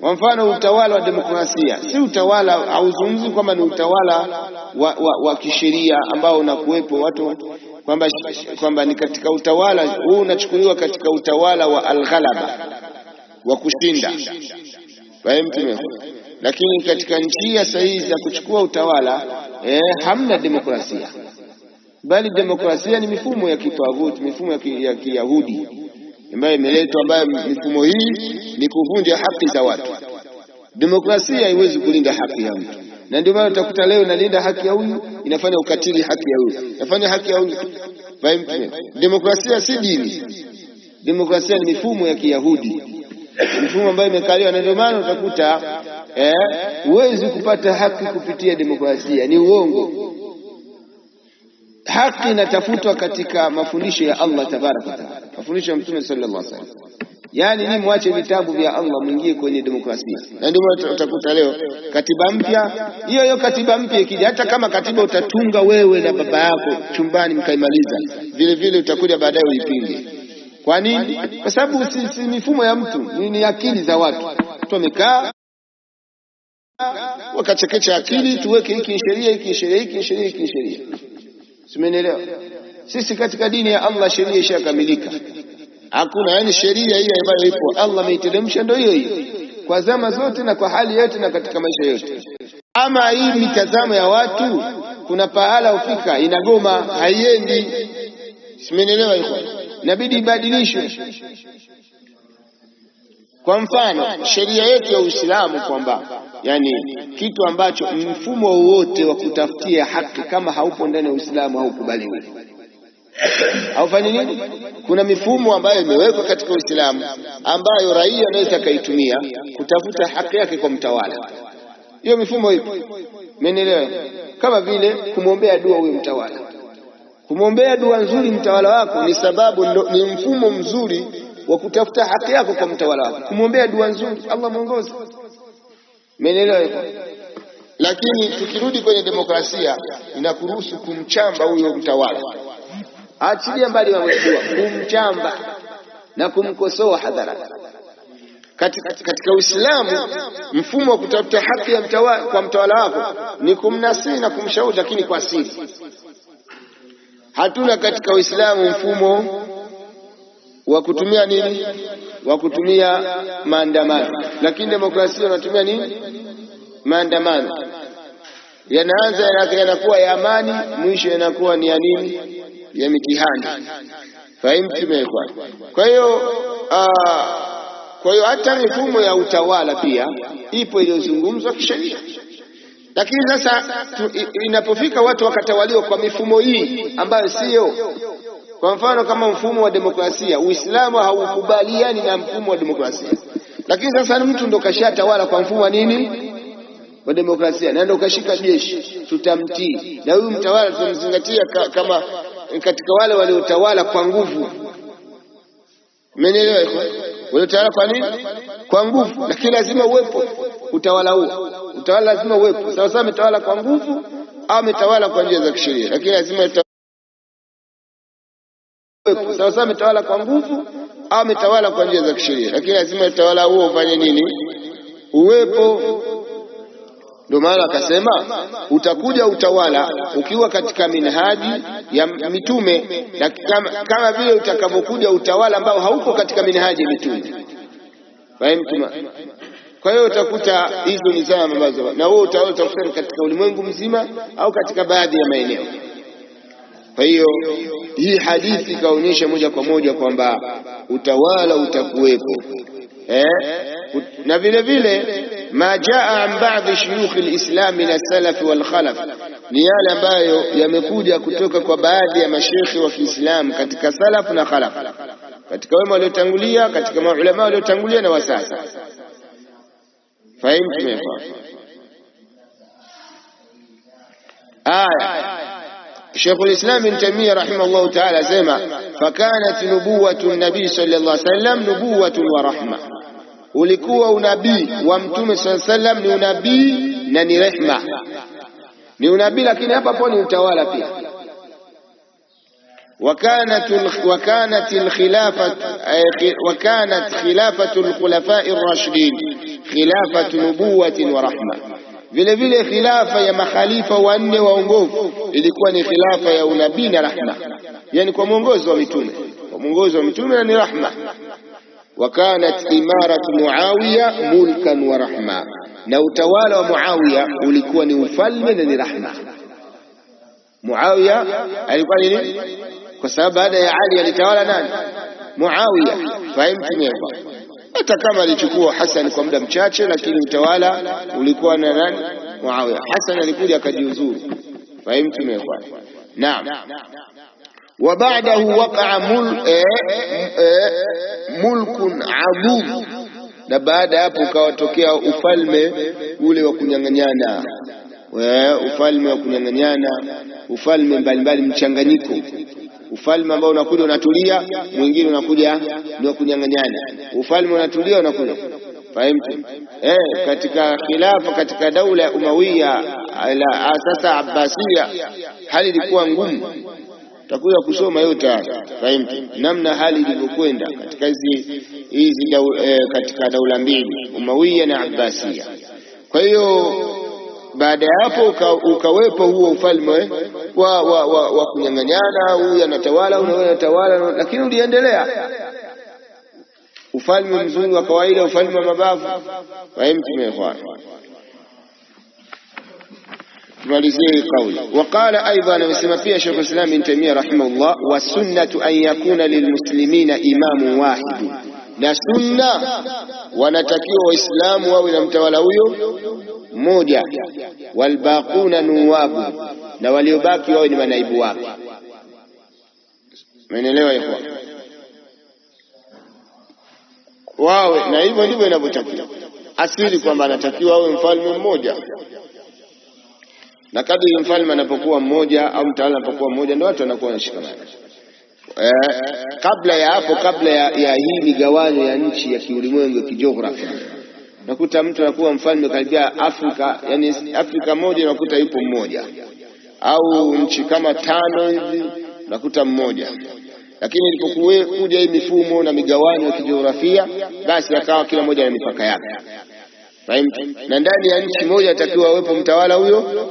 Kwa mfano utawala wa demokrasia si utawala, hauzungumzi kwamba ni utawala wa, wa, wa kisheria ambao unakuwepo watu kwamba kwamba ni katika utawala huu, unachukuliwa katika utawala wa alghalaba wa kushinda, lakini katika njia sahihi za kuchukua utawala eh, hamna demokrasia, bali demokrasia ni mifumo ya kitawuti, mifumo ya Kiyahudi ambayo imeletwa, ambayo mifumo hii ni kuvunja haki za watu. Demokrasia haiwezi kulinda haki ya mtu, na ndio maana utakuta leo inalinda haki ya huyu, inafanya ukatili haki ya huyu, inafanya haki ya huyu. Demokrasia si dini, demokrasia ni mifumo ya Kiyahudi, mifumo ambayo imekaliwa, na ndio maana utakuta eh, huwezi eh, kupata haki kupitia demokrasia, ni uongo haki inatafutwa katika mafundisho ya Allah wa wataala, mafundisho ya Mtume sallallahu alaihi wasallam. Yaani ni mwache vitabu vya Allah mwingie kwenye demokrasia, na ndio utakuta leo katiba mpya hiyo hiyo. Katiba mpya ikija, hata kama katiba utatunga wewe na baba yako chumbani mkaimaliza, vile vile utakuja baadaye uipinge. Kwa nini? Kwa sababu si, si mifumo ya mtu ni, ni akili za watu. Mtu amekaa wakachekecha akili, tuweke hiki sheria hiki sheria hiki sheria hiki sheria simenelewa Sisi katika dini ya Allah sheria ishakamilika, hakuna yani sheria hii ambayo ipo Allah ameiteremsha ndio hiyo hiyo kwa zama zote na kwa hali yote na katika maisha yote. Ama hii mitazamo ya watu, kuna pahala ufika inagoma, haiendi. simenelewa hiyo inabidi ibadilishwe. Kwa mfano sheria yetu ya Uislamu kwamba yani kitu ambacho mfumo wowote wa kutafutia haki kama haupo ndani ya Uislamu haukubaliwi. Haufanyi nini? Kuna mifumo ambayo imewekwa katika Uislamu ambayo raia anaweza akaitumia kutafuta haki yake kwa mtawala. Hiyo mifumo ipo, menelewa Kama vile kumwombea dua huyo mtawala, kumwombea dua nzuri mtawala wako ni sababu ndo, ni mfumo mzuri wa kutafuta haki yako kwa mtawala wako, kumwombea dua nzuri, Allah mwongoze Menelewa hivyo? Lakini tukirudi kwenye demokrasia, inakuruhusu kumchamba huyo mtawala, achilia mbali mamejua kumchamba na kumkosoa hadhara Katika, katika Uislamu mfumo wa kutafuta haki ya mtawala, kwa mtawala wako ni kumnasihi na kumshauri, lakini kwa siri. Hatuna katika Uislamu mfumo wa kutumia nini? Wa kutumia maandamano. Lakini demokrasia wanatumia nini? Maandamano yanaanza yanakuwa ya amani, mwisho yanakuwa ni ya nini? Ya mitihani. Fahimtumekwa. Kwa hiyo ah, kwa hiyo hata mifumo ya utawala pia ipo iliyozungumzwa kisheria, lakini sasa inapofika watu wakatawaliwa kwa mifumo hii ambayo siyo kwa mfano kama mfumo wa demokrasia, Uislamu haukubaliani na mfumo wa demokrasia, lakini sasa mtu ndo kashatawala kwa mfumo wa nini wa demokrasia, na ndo kashika jeshi, tutamtii. Na huyu mtawala tutamzingatia ka, kama katika wale waliotawala kwa nguvu. Mmenielewa? Waliotawala kwa nini? Kwa nguvu, lakini lazima uwepo utawala huo, utawala lazima uwepo. Sawasawa, ametawala kwa nguvu au ametawala kwa njia za kisheria, lakini lazima sawa sawa, ametawala kwa nguvu au ametawala kwa njia za kisheria, lakini lazima utawala huo ufanye nini? Uwepo. Ndio maana akasema utakuja utawala ukiwa katika minhaji ya mitume, na kama, kama vile utakavyokuja utawala ambao hauko katika minhaji ya mitume. Kwa hiyo utakuta hizo ni zama ambazo, na wewe utaweza utakuta katika ulimwengu mzima au katika baadhi ya maeneo. Kwa hiyo hii hadithi ikaonyesha moja kwa moja kwamba utawala utakuwepo eh? na vile vile ma jaa an baadhi shuyukh alislam min as-salaf wal khalaf, ni yale ambayo yamekuja kutoka kwa baadhi ya mashekhe wa Kiislamu katika salaf na khalaf, katika wema waliotangulia, katika maulama waliotangulia na wasasa. Fahimu? Aya شيخ الإسلام من جميع رحمه الله تعالى زيما فكانت نبوة النبي صلى الله عليه وسلم نبوة ورحمة ولكوة نبي وامتم صلى الله عليه وسلم نبي نني رحمة نبي لكن هبا فوني انتوالا فيها وكانت وكانت الخلافة وكانت خلافة الخلفاء الراشدين خلافة نبوة ورحمة Vile vile khilafa ya makhalifa wanne waongofu ilikuwa ni khilafa ya unabii na rahma, yani kwa mwongozo wa mitume, kwa mwongozo wa mitume na ni rahma. Wa kanat imaratu Muawiya mulkan wa rahma, na utawala wa Muawiya ulikuwa ni ufalme na ni rahma. Muawiya alikuwa nini? Kwa sababu baada ya Ali alitawala nani? Muawiya. Fahimu? hata kama alichukua Hassan kwa muda mchache, lakini utawala ulikuwa na nani? Muawiya. Hassan alikuja akajiuzuru, fahimtum? Naam. wa ba'dahu waqa'a eh, eh, eh, mulkun adhim, na baada ya hapo ukawatokea ufalme ule wa kunyang'anyana ufalme wa kunyang'anyana, ufalme mbalimbali, mchanganyiko ufalme ambao unakuja unatulia, mwingine unakuja ndio kunyang'anyana. Ufalme unatulia unakuja fahimu eh, katika khilafa katika daula ya Umawiya ala sasa Abbasia, hali ilikuwa ngumu. Utakuja kusoma yote haya fahimu, namna hali ilivyokwenda katika hizi hizi daula, eh, katika daula mbili Umawiya na Abbasia. Kwa hiyo baada ya hapo uka, ukawepo huo ufalme wa, wa, wa, wa kunyang'anyana, huyu anatawala huyu anatawala, lakini uliendelea ufalme mzuri wa kawaida, ufalme wa mabavu. Wahemtumekhwan, tumalizie hii kauli. Waqala aidan, amesema pia Sheikh Islam Ibn Taymiyyah rahimahullah, wa sunnatu an yakuna lilmuslimina imamu wahidu, na sunna wanatakiwa waislamu wawe na mtawala huyo moja, walbaquna nuwabu, na waliobaki wao ni manaibu wake. Umeelewa ikhwa? Wawe na hivyo ndivyo inavyotakiwa asili, kwamba anatakiwa awe mfalme mmoja, na kadri mfalme anapokuwa mmoja au mtawala anapokuwa mmoja, ndio watu wanakuwa wanashikamana. Eh, kabla ya hapo, kabla ya, ya hii migawanyo ya nchi ya kiulimwengu ya kijiografia Nakuta mtu anakuwa mfalme karibia Afrika, yani Afrika moja nakuta yupo mmoja, au nchi kama tano hivi nakuta mmoja. Lakini kuja hii mifumo na migawanyo ya kijiografia, basi akawa kila mmoja na mipaka yake, na ndani ya nchi moja atakiwa awepo mtawala huyo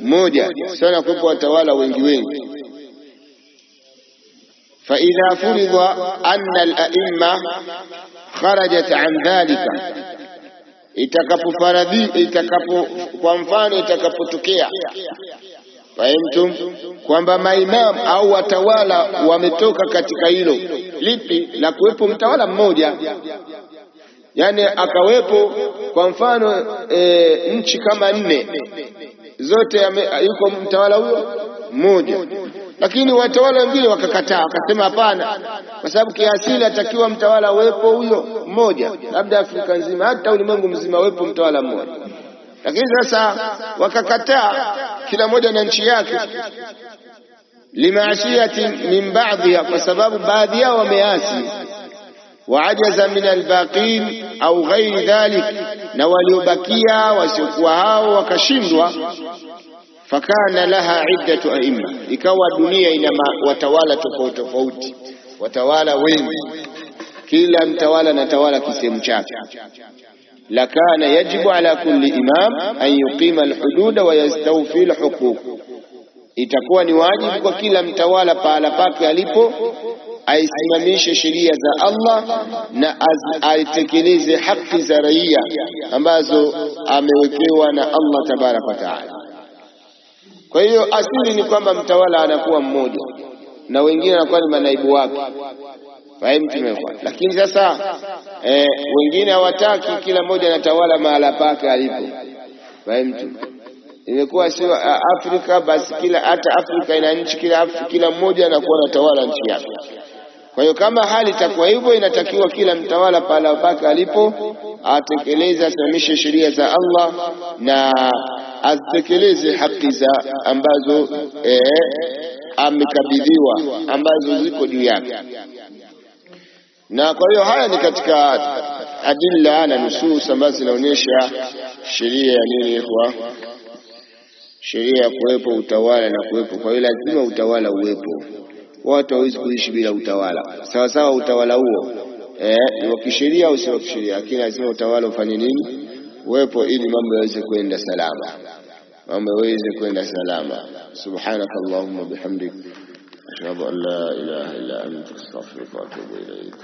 mmoja sana, kuwepo watawala wengi wengi faidha furidha anna al-a'imma kharajat an dhalika itakapofaradhi itakapo, kwa mfano itakapotokea fahimtum, kwamba maimamu au watawala wametoka katika hilo lipi la kuwepo mtawala mmoja yani akawepo kwa mfano e, nchi kama nne zote yuko mtawala huyo mmoja lakini watawala wengine wakakataa, wakasema hapana, kwa sababu kiasili atakiwa mtawala wepo huyo mmoja, labda Afrika nzima, hata ulimwengu mzima wepo mtawala mmoja. Lakini sasa wakakataa, kila mmoja na nchi yake, limaasiyati min baadhiha, kwa sababu baadhi yao wameasi waajaza min albaqin au ghairi dhalik, na waliobakia wasiokuwa hao wakashindwa fakana laha iddatu aima, ikawa dunia ina watawala tofauti tofauti, watawala wengi, kila mtawala na tawala kisehemu chake. Lakana yajibu ala kulli imam an yuqima alhududa wa yastawfi alhuquq, itakuwa ni wajibu kwa kila mtawala pahala pake alipo aisimamishe sheria za Allah na aitekeleze haki za raia ambazo amewekewa na Allah tabaraka wa taala. Kwa hiyo asili ni kwamba mtawala anakuwa mmoja na wengine anakuwa ni manaibu wake, fahamtumekwa. Lakini sasa eh, wengine hawataki, kila mmoja anatawala mahala pake alipo, fahamtu. Imekuwa sio uh, Afrika basi, kila hata Afrika ina nchi, kila kila mmoja anakuwa anatawala nchi yake. Kwa hiyo kama hali itakuwa hivyo, inatakiwa kila mtawala pahala pake alipo atekeleze, asimamishe sheria za Allah na azitekeleze haki za ambazo eh, amekabidhiwa ambazo ziko juu yake. Na kwa hiyo haya ni katika adilla na nusus ambazo zinaonyesha sheria ya nini, kwa sheria ya kuwepo utawala na kuwepo. Kwa hiyo lazima utawala uwepo, watu hawezi kuishi bila utawala. Sawa sawa, utawala huo eh, ni wa kisheria au sio wa kisheria, lakini lazima utawala ufanye nini, uwepo, ili mambo yaweze kwenda salama. mambo yaweze kwenda salama subhanak allahumma bihamdik ashhadu an la ilaha illa anta astaghfiruka wa atubu ilayk